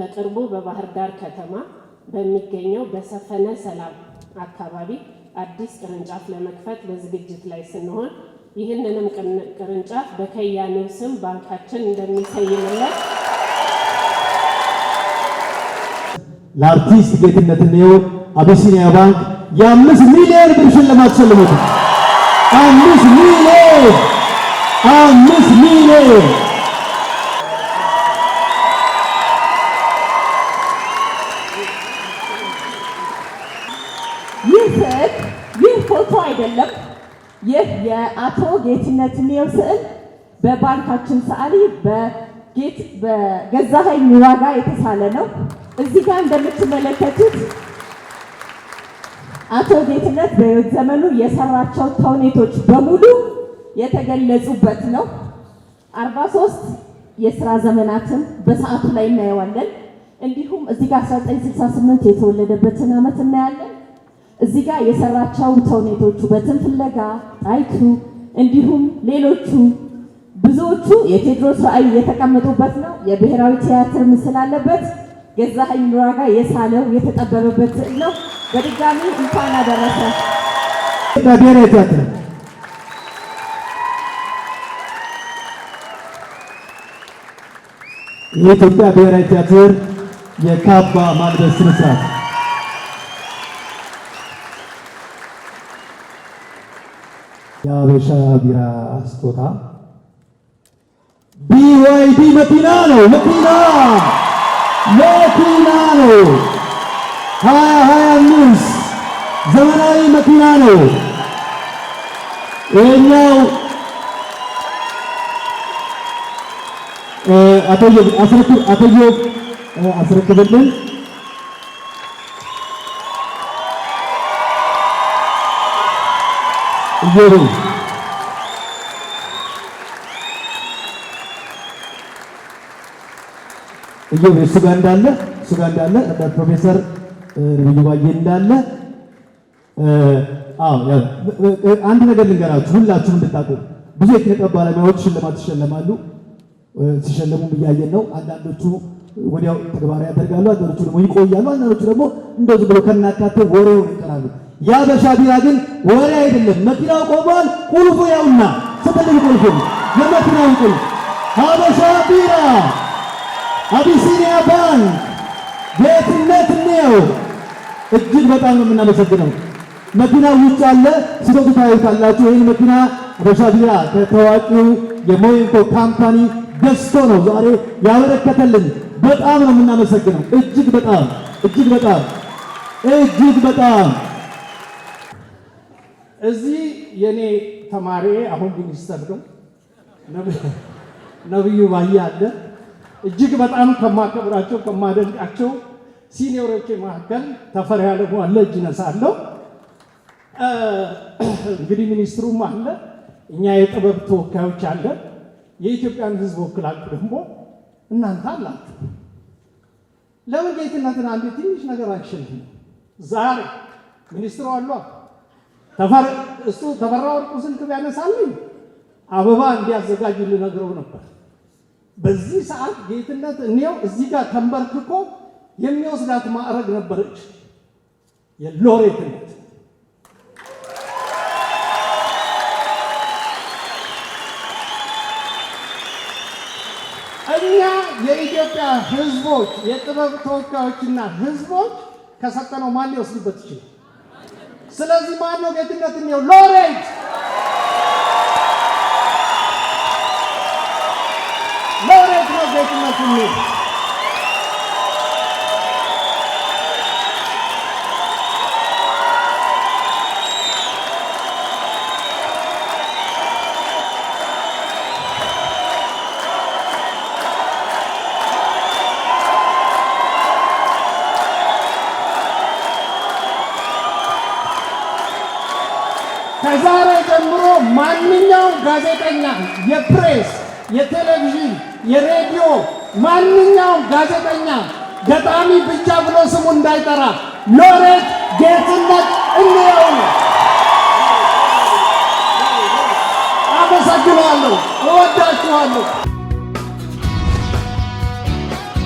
በቅርቡ በባህር ዳር ከተማ በሚገኘው በሰፈነ ሰላም አካባቢ አዲስ ቅርንጫፍ ለመክፈት በዝግጅት ላይ ስንሆን ይህንንም ቅርንጫፍ በከያኔው ስም ባንካችን እንደሚሰይምለት ለአርቲስት ጌትነት እንየው አቢሲኒያ ባንክ የአምስት ሚሊዮን ብር ሽልማት ሸልሞታል። አምስት ሚሊዮን አምስት ሚሊዮን አይደለም። ይህ የአቶ ጌትነት ንየው ስዕል በባንካችን ሰዓሊ በጌት በገዛኸኝ ዋጋ የተሳለ ነው። እዚህ ጋር እንደምትመለከቱት አቶ ጌትነት በህይወት ዘመኑ የሰራቸው ተውኔቶች በሙሉ የተገለጹበት ነው። 43 የስራ ዘመናትን በሰዓቱ ላይ እናየዋለን። እንዲሁም እዚህ ጋር 1968 የተወለደበትን ዓመት እናያለን። እዚህ ጋር የሰራቸው ተውኔቶች ውበትን ፍለጋ፣ ጣይቱ እንዲሁም ሌሎቹ ብዙዎቹ የቴዎድሮስ ራዕይ የተቀመጡበት ነው። የብሔራዊ ቲያትር ምስል አለበት። ገዛኸኝ ኑራጋ የሳለው የተጠበበበት ስዕል ነው። በድጋሚ እንኳን አደረሰ በብሔራዊ ቲያትር የኢትዮጵያ ብሔራዊ ቲያትር የካባ ማልበስ ስነስርዓት የአበሻ ቢራ ስጦታ ቢዋይዲ መኪና ነው። መኪና መኪና ነው። ሀያ ሀያ አምስት ዘመናዊ መኪና ነው። ይሄኛው አቶ አስረክብልን እየሩ እየሩ ስጋ እንዳለ ስጋ እንዳለ ፕሮፌሰር ነብዩ ባዬ እንዳለ አንድ ነገር ልንገራችሁ፣ ሁላችሁም እንድታውቁ። ብዙ የኪነ ጥበብ ባለሙያዎች ሽልማት ይሸለማሉ፣ ሲሸለሙም እያየን ነው። አንዳንዶቹ ወዲያው ተግባራዊ ያደርጋሉ፣ አንዳንዶቹ ደግሞ ይቆያሉ፣ አንዳንዶቹ ደግሞ እንደዚህ ብሎ ከናካቴ ወሬውን ይቀራሉ። የአበሻ ቢራ ግን ወሬ አይደለም። መኪናው ቆሟል። ቁልፉ ያውና ስትልኝ ቁልፉ የመኪናው ቁልፍ ሀበሻ ቢራ አቢሲኒያ ባንክ ቤትነት ነው። እጅግ በጣም ነው የምናመሰግነው። መኪና ውጭ አለ፣ ሲሰጡ ታዩታላችሁ። ይህን መኪና አበሻ ቢራ ከታዋቂው የሞይንኮ ካምፓኒ ገዝቶ ነው ዛሬ ያበረከተልን። በጣም ነው የምናመሰግነው። እጅግ በጣም እጅግ በጣም እጅግ በጣም እዚህ የኔ ተማሪ አሁን ሚኒስተር ነው ነብዩ ባያ አለ። እጅግ በጣም ከማከብራቸው ከማደንቃቸው ሲኒዮሮች መካከል ተፈሪ ዓለሙ አለ፣ እጅ ነሳለሁ። እንግዲህ ሚኒስትሩም አለ፣ እኛ የጥበብ ተወካዮች አለ፣ የኢትዮጵያን ሕዝብ ወክላችሁ ደግሞ እናንተ አላችሁ። ለምን ጌትነትን አንድ ትንሽ ነገር አይችልም? ዛሬ ሚኒስትሩ አሏ እሱ ተፈራ ወርቁ ስልክ ቢያነሳልኝ አበባ እንዲያዘጋጅ ልነግረው ነበር። በዚህ ሰዓት ጌትነት እኔው እዚህ ጋር ተንበርክኮ የሚወስዳት ማዕረግ ነበረች የሎሬትነት። እኛ የኢትዮጵያ ሕዝቦች የጥበብ ተወካዮችና ሕዝቦች ከሰጠነው ማን ሊወስድበት ይችላል? ስለዚህ ማን ነው ጌትነት የሚሆን? ሎሬንስ ሎሬንስ ነው ጌትነት የሚሆን። ከዛሬ ጀምሮ ማንኛውም ጋዜጠኛ የፕሬስ፣ የቴሌቪዥን፣ የሬዲዮ ማንኛውም ጋዜጠኛ ገጣሚ ብቻ ብሎ ስሙ እንዳይጠራ ሎሬት ጌትነት እንየው ነው። አመሰግናለሁ። እወዳችኋለሁ።